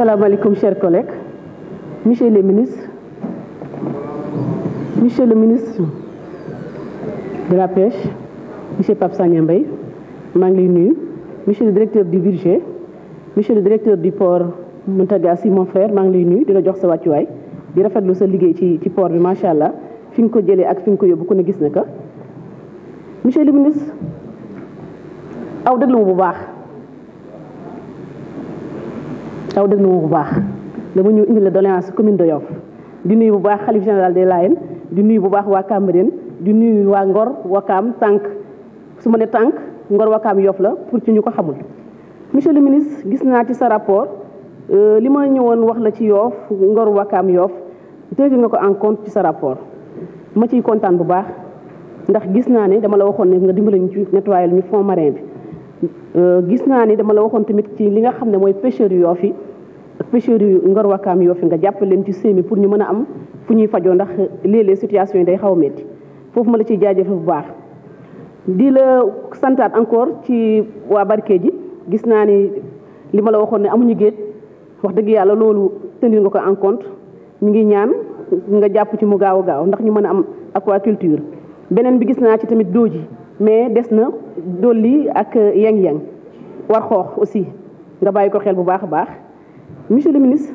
Assalamu chers collègues, Monsieur le ministre, Monsieur le ministre de la Pêche, Monsieur Papsa Nyambay, Manglinu, Monsieur le directeur du budget, Monsieur le directeur du port Montagassi, mon frère, Manglinu, de la Djorsa Watuay, de la Fadlo Saligé, du port de Machallah, Finko Djele et Finko Yoboko Monsieur le ministre, Aoudeglo Boubach, daw déglu bu baax dama ñëw indi la commune de Yoff di nuyu bu baax xalif général de Layènes di nuyu bu baax waa Cambérène di nuyu waa Ngor Wakaam Tànk su ma ne Tànk Ngor Wakaam Yoff la pour ci ñu ko xamul. monsieur le ministre gis naa ci sa rapport euh, li ma ñëwoon wax la ci Yoff Ngor Wakaam Yoff dégg nga ko en compte ci sa rapport ma ciy kontaan bu baax ndax gis naa ne dama la waxoon ne nga dimbali ñu ci nettoyer ñu fond marin bi. Euh, gis naa ni dama la waxoon tamit ci li nga xam ne mooy pêcheurs yu yi ak pêcheurs Ngor Wakaam yoo fi nga jàppale leen ci seemi pour ñu mën a am fu ñuy fajoo ndax léeg-léeg situation day xaw a métti foofu ma la ciy jaajëfal bu baax. di la santaat encore ci waa barke Barkédji gis naa ni li ma la waxoon ne amuñu géej wax dëgg yàlla loolu tenir nga ko encontre mu ngi ñaan nga jàpp ci mu gaaw a gaaw ndax ñu mën a am aquaculture. beneen bi gis naa ci tamit ji mais des na dolli ak yang yang war xoox aussi nga bàyyi ko xel bu baax a baax. monsieur le ministre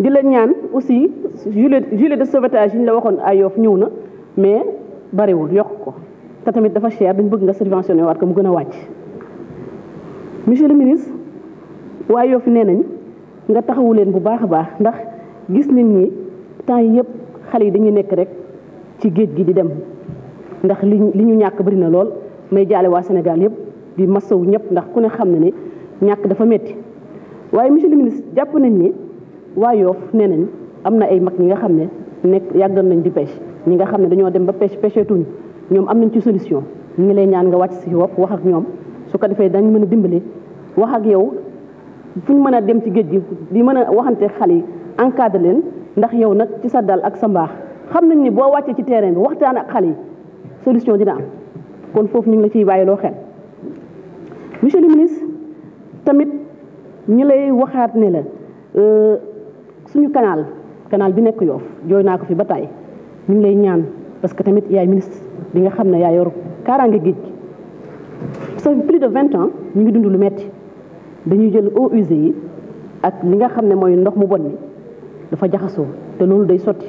di la ñaan aussi gilet gilet de sauvetage yi ñu la waxoon ay Yoff ñëw na mais bariwul yokk ko te tamit dafa cher dañ bëgg nga subventionné waat ko mu gën a wàcc monsieur le ministre waa Yoff nee nañ nga taxawu leen bu baax a baax ndax gis nañ ni temps yi yëpp xale yi dañuy nekk rek ci géej gi di dem ndax li li ñu ñàkk bari na lool may jaale waa Sénégal yëpp di masawu ñëpp ndax ku ne xam ne ni ñàkk dafa metti waaye monsieur ministre jàpp nañ ni waa Yoff nee nañ am na ay mag ñi nga xam ne nekk yàggal nañ di pêche ñi nga xam ne dañoo dem ba pêche pêche tuñ ñoom am nañ ci solution ñu ngi lay ñaan nga wàcc si Yoff wax ak ñoom su ko defee dañ mën a dimbali wax ak yow fu ñu mën a dem ci géej gi di mën a waxante xale yi encadre leen ndax yow nag ci sa dal ak sa mbaax xam nañ ni boo wàccee ci terrain bi waxtaan ak xale yi solution dina am kon foofu ñu ngi la ciy bàyyiloo xel monsieur ñu lay waxaat ne la euh, suñu kanaal kanaal bi nekk yoof jooy naa ko fi ba tàyyi ñu ngi lay ñaan parce que tamit yaay ministre bi nga xam ne yaa yor kaaraange géej gi ça plus de vingt ans ñu ngi dund lu metti dañuy jël eaux usées yi ak li nga xam ne mooy ndox mu bon mi dafa jaxasoo te loolu day sotti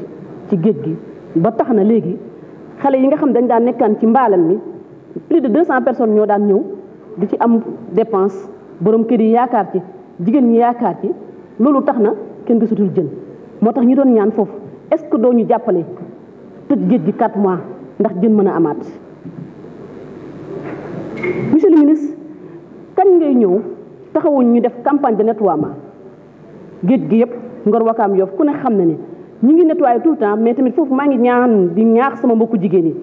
ci géej gi ba tax na léegi xale yi nga xam dañ daan nekkaan ci mbaalan mi plus de deux cent personnes ñoo daan ñëw di ci am dépense borom kër yi yaakaar ci jigéen ñi yaakaar ci loolu tax na kenn gisatul jën moo tax ñu doon ñaan foofu est-ce que doo ñu jàppale tëj géej gi 4 mois ndax jën mën a amaat. monsieur le ministre kañ ngay ñëw taxawuñ ñu def campagne de ma géej gi yëpp Ngor Wakaam Yoff ku ne xam na ne ñu ngi nettoyé tout le temps mais tamit foofu maa ngi ñaan di ñaax sama mbokku jigéen yi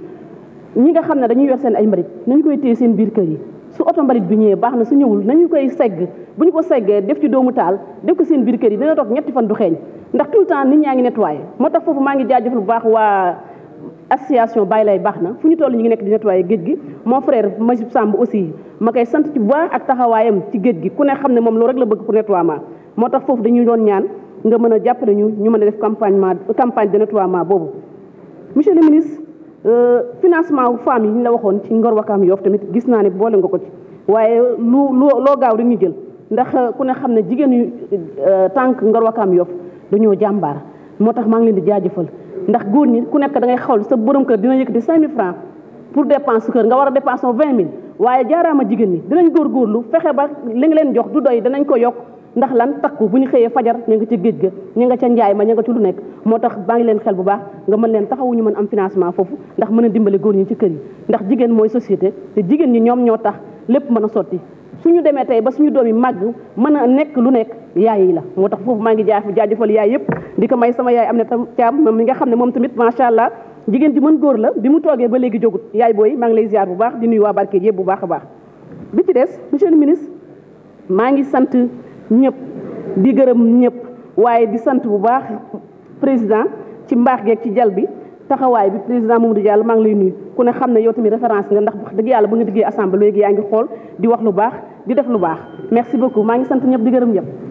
ñi nga xam ne dañuy yor seen ay mbari nañu koy téye seen biir kër yi. su oto mbalit bi ñëwee baax na su ñëwul nañu koy segg bu ñu ko seggee def ci doomu taal def ko seen biir kër yi dina toog ñetti fan du xeeñ ndax tout le temps nit ñaa ngi nettoyé moo tax foofu maa ngi jaajëf lu baax waa association bàyyi lay baax na fu ñu toll ñu ngi nekk di nettoyé géej gi mon frère Majib Samb aussi ma koy sant ci baax ak taxawaayam ci géej gi ku ne xam ne moom loolu rek la bëgg pour nettoiement moo tax foofu dañuy doon ñaan nga mën a jàppale ñu ñu mën a def campagne campagne de nettoiement boobu Euh, financement wu femmes yi ñu la waxoon ci Ngor Wakaam Yoof tamit gis naa ne boole nga ko ci waaye lu loo gaaw rek ñu jël ndax euh, ku ne xam ne jigéen yu euh, tànk Ngor Wakaam Yoof dañoo jàmbaar moo tax maa ngi leen di jaajëfal ndax góor ñi ku nekk dangay ngay xawal sa borom kër dina di yëkkati 5000 francs pour dépense kër nga war a dépense vingt mille waaye jaaraama jigéen ñi dinañ góor góorgóorlu fexe ba li nga leen jox du doy danañ ko yokk ndax lan takku buñu xeye fajar ñu nga ci géej ga ñu nga ca njaay ma ñu nga ci lu nekk moo ngi leen xel bu baax nga mën leen taxawu ñu mën am financement fofu ndax mëna dimbali goor ñi ci kër yi ndax jigen moy société te jigen ñi ñom ñoo tax lepp mëna sotti suñu démé tay ba suñu doomi mag mëna nek lu nek yaay la motax fofu ngi yaay yépp di may sama yaay amna tam caam mom mi nga xamne mom tamit ma sha allah jigen ji mën goor la bi mu toogee ba jogut yaay boy lay ziar bu baax di nuyu wa barké yépp bu baax baax bi ci des monsieur le ministre maa ngi ñëpp di gërëm ñëpp waaye di sant bu baax président ci mbaax geeg ci jal bi taxawaay bi président Mamadou Diallo maa ngi lay nuyu ku ne xam ne yow tamit référence nga ndax wax dëgg yàlla ba nga diggee assemblée léegi yaa ngi xool di wax lu baax di def lu baax merci beaucoup maa ngi sant ñëpp di gërëm ñëpp